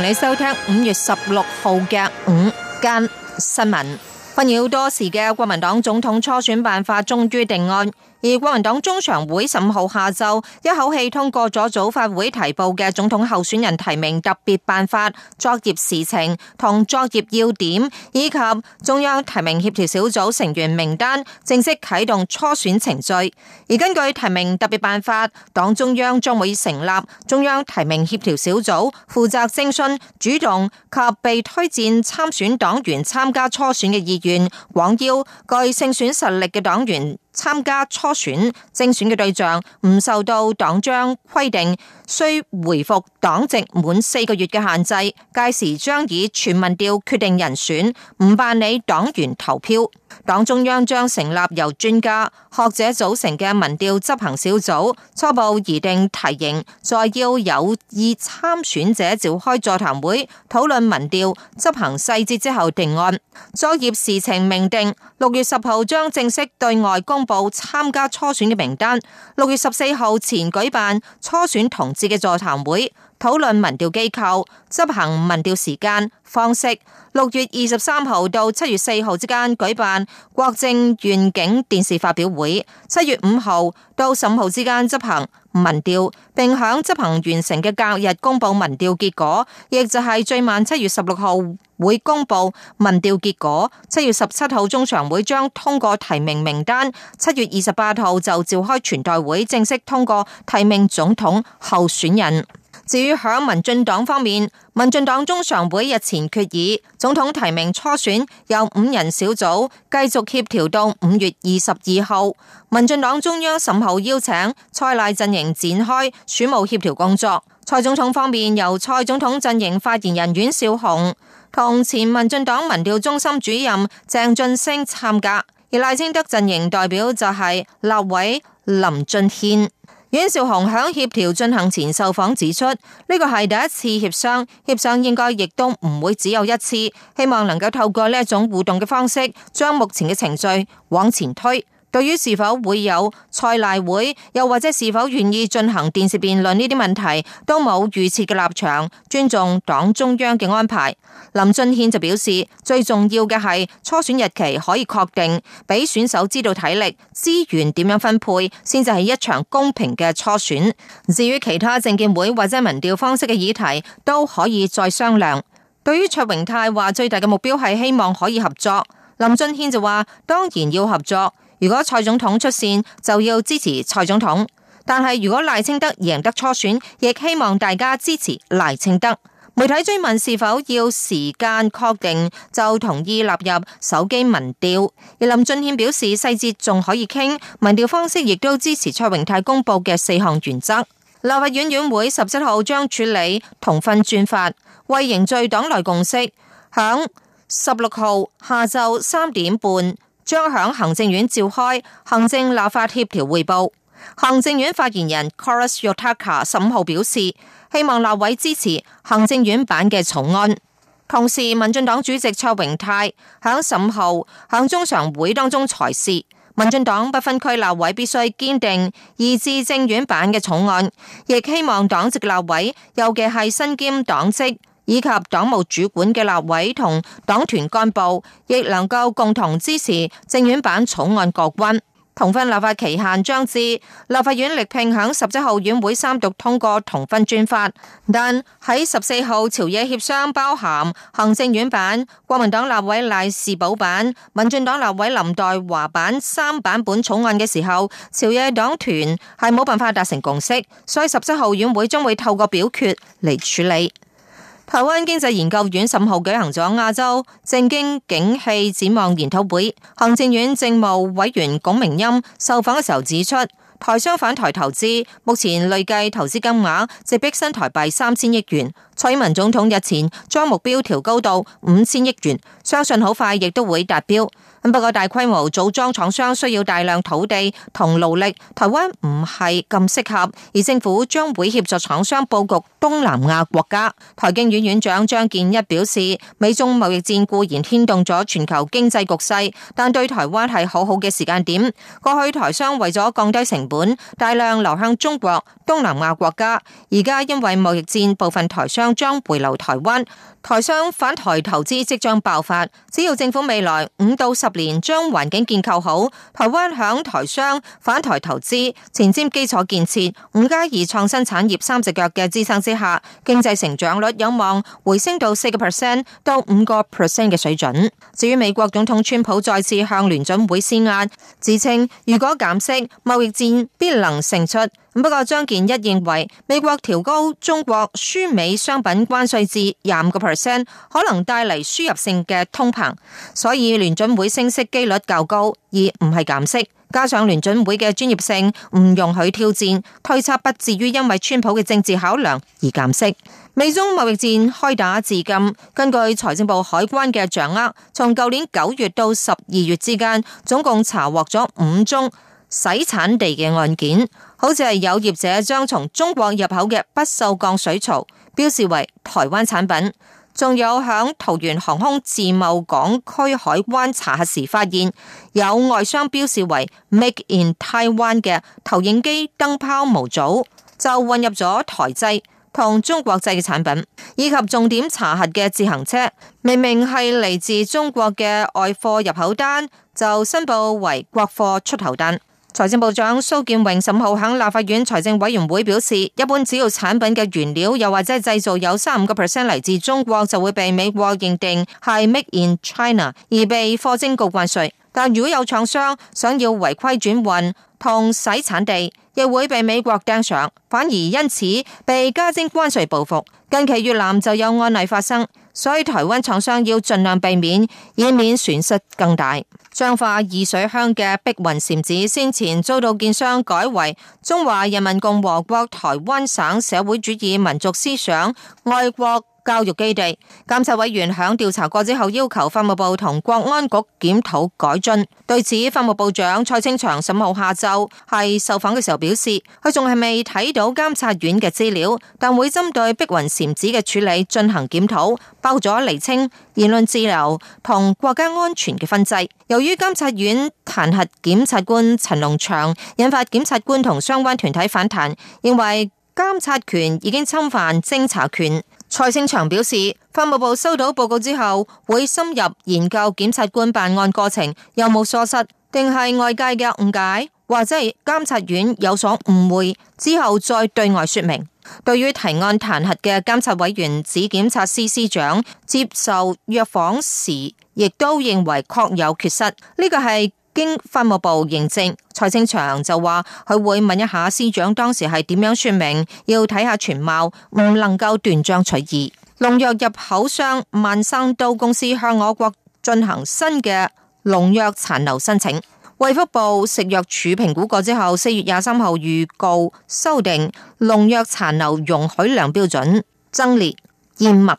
同你收聽五月十六號嘅午間新聞，困擾多時嘅國民黨總統初選辦法終於定案。而國民黨中常會十五號下晝一口氣通過咗組發會提報嘅總統候選人提名特別辦法作業時程同作業要點，以及中央提名協調小組成員名單，正式啟動初選程序。而根據提名特別辦法，黨中央將會成立中央提名協調小組負，負責徵詢主動及被推薦參選黨員參加初選嘅意願，廣邀具勝選實力嘅黨員。參加初選徵選嘅對象，唔受到黨章規定，需回復黨籍滿四個月嘅限制，屆時將以全民調決定人選，唔辦理黨員投票。黨中央將成立由專家、學者組成嘅民調執行小組，初步擬定題型，再邀有意參選者召開座談會討論民調執行細節之後定案。作業時程明定，六月十號將正式對外公布參加初選嘅名單，六月十四號前舉辦初選同嘅座談會討論民調機構執行民調時間方式，六月二十三號到七月四號之間舉辦國政願景電視發表會，七月五號到十五號之間執行。民調，並響執行完成嘅隔日公布民調結果，亦就係最慢七月十六號會公布民調結果。七月十七號中常會將通過提名名單，七月二十八號就召開全代會正式通過提名總統候選人。至於喺民進黨方面，民進黨中常會日前決議，總統提名初選由五人小組繼續協調到五月二十二號。民進黨中央十號邀請蔡賴陣營展開選務協調工作。蔡總統方面由蔡總統陣營發言人阮少雄同前民進黨民調中心主任鄭俊升參加，而賴清德陣營代表就係立委林俊憲。阮兆雄響協調進行前受訪指出，呢個係第一次協商，協商應該亦都唔會只有一次，希望能夠透過呢一種互動嘅方式，將目前嘅程序往前推。對於是否會有賽例會，又或者是否願意進行電視辯論呢啲問題，都冇預設嘅立場，尊重黨中央嘅安排。林俊憲就表示，最重要嘅係初選日期可以確定，俾選手知道體力、資源點樣分配，先至係一場公平嘅初選。至於其他政見會或者民調方式嘅議題，都可以再商量。對於卓榮泰話最大嘅目標係希望可以合作，林俊憲就話當然要合作。如果蔡總統出線，就要支持蔡總統；但係如果賴清德贏得初選，亦希望大家支持賴清德。媒體追問是否要時間確定，就同意納入手機民調，而林俊憲表示細節仲可以傾，民調方式亦都支持蔡榮泰公布嘅四項原則。立法院院會十七號將處理同分轉法，為凝聚黨內共識，響十六號下晝三點半。將響行政院召開行政立法協調匯報，行政院發言人 Kolas Yotaka 十五號表示，希望立委支持行政院版嘅草案。同時，民進黨主席卓榮泰響十五號響中常會當中裁示，民進黨不分區立委必須堅定一致政院版嘅草案，亦希望黨籍立委尤其係身兼黨職以及黨務主管嘅立委同黨團幹部亦能夠共同支持政院版草案過關。同分立法期限將至，立法院力拼喺十七號院會三讀通過同分專法。但喺十四號朝野協商包含行政院版、國民黨立委賴士葆版、民進黨立委林岱樺版三版本草案嘅時候，朝野黨團係冇辦法達成共識，所以十七號院會將會透過表決嚟處理。台灣經濟研究院十號舉行咗亞洲政經景氣展望研討會，行政院政務委員龔明鑫受訪嘅時候指出，台商返台投資目前累計投資金額直逼新台幣三千億元，蔡英文總統日前將目標調高到五千億元，相信好快亦都會達標。不過大規模組裝廠商需要大量土地同勞力，台灣唔係咁適合，而政府將會協助廠商布局東南亞國家。台經院院長張建一表示，美中貿易戰固然牽動咗全球經濟局勢，但對台灣係好好嘅時間點。過去台商為咗降低成本，大量流向中國、東南亞國家，而家因為貿易戰，部分台商將回流台灣，台商反台投資即將爆發。只要政府未來五到十、十年將環境建構好，台灣響台商返台投資、前瞻基礎建設、五加二創新產業三隻腳嘅支撐之下，經濟成長率有望回升到四個 percent 到五個 percent 嘅水準。至於美國總統川普再次向聯準會施壓，自稱如果減息，貿易戰必能勝出。不過張健一認為，美國調高中國輸美商品關稅至廿五個 percent，可能帶嚟輸入性嘅通膨，所以聯準會升息機率較高，而唔係減息。加上聯準會嘅專業性唔容許挑戰，推測不至於因為川普嘅政治考量而減息。美中貿易戰開打至今，根據財政部海關嘅掌握，從舊年九月到十二月之間，總共查獲咗五宗。洗產地嘅案件，好似係有業者將從中國入口嘅不鏽鋼水槽標示為台灣產品，仲有響桃園航空自貿港區海關查核時，發現有外商標示為 Make in Taiwan 嘅投影機燈泡模組就混入咗台製同中國製嘅產品，以及重點查核嘅自行車，明明係嚟自中國嘅外貨入口單就申報為國貨出頭單。財政部長蘇建榮十五號喺立法院財政委員會表示，一般只要產品嘅原料又或者係製造有三五個 percent 嚟自中國，就會被美國認定係 make in China 而被課徵高關稅。但如果有廠商想要違規轉運、同洗產地，亦會被美國盯上，反而因此被加徵關稅報復。近期越南就有案例發生。所以，台灣廠商要盡量避免，以免損失更大。彰化二水鄉嘅碧雲禪寺先前遭到建商改為中華人民共和國台灣省社會主義民族思想愛國教育基地，監察委員響調查過之後，要求法務部同國安局檢討改進。對此，法務部長蔡清祥十號下晝係受訪嘅時候表示，佢仲係未睇到監察院嘅資料，但會針對碧雲禪寺嘅處理進行檢討。包括咗釐清言論自由同國家安全嘅分制。由於監察院彈劾檢察官陳龍祥，引發檢察官同相關團體反彈，認為監察權已經侵犯偵查權。蔡清祥表示，法務部收到報告之後，會深入研究檢察官辦案過程有冇疏失，定係外界嘅誤解，或者係監察院有所誤會之後再對外說明。對於提案彈劾嘅監察委員指檢察司司長接受約訪時，亦都認為確有缺失，呢個係。經法務部認證，蔡清祥就話佢會問一下司長當時係點樣說明，要睇下全貌，唔能夠斷章取義。農藥入口商萬生都公司向我國進行新嘅農藥殘留申請，衛福部食藥署評估過之後，四月廿三號預告修訂農藥殘留容許量標準，增列燕麥、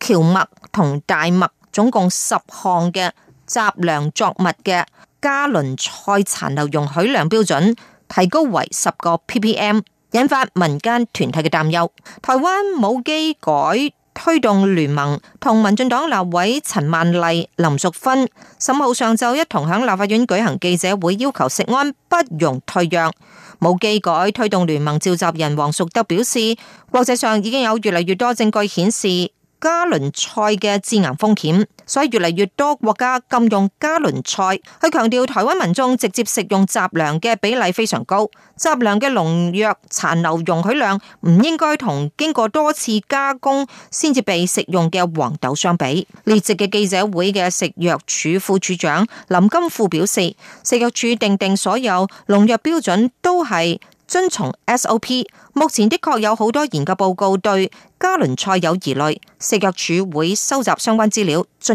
蕎麥同大麥，總共十項嘅雜糧作物嘅。嘉磷塞殘留容許量標準提高為十個 ppm，引發民間團體嘅擔憂。台灣無基改推動聯盟同民進黨立委陳萬麗、林淑芬，十五號上晝一同響立法院舉行記者會，要求食安不容退讓。無基改推動聯盟召集人黃淑德表示，國際上已經有越嚟越多證據顯示，加侖菜嘅致癌風險，所以越嚟越多國家禁用加侖菜。佢強調台灣民眾直接食用雜糧嘅比例非常高，雜糧嘅農藥殘留容許量唔應該同經過多次加工先至被食用嘅黃豆相比。列、嗯、席嘅記者會嘅食藥署副署長林金富表示，食藥署定定所有農藥標準都係。遵從 SOP，目前的確有好多研究報告對嘉磷塞有疑慮，食藥署會收集相關資料，進一步。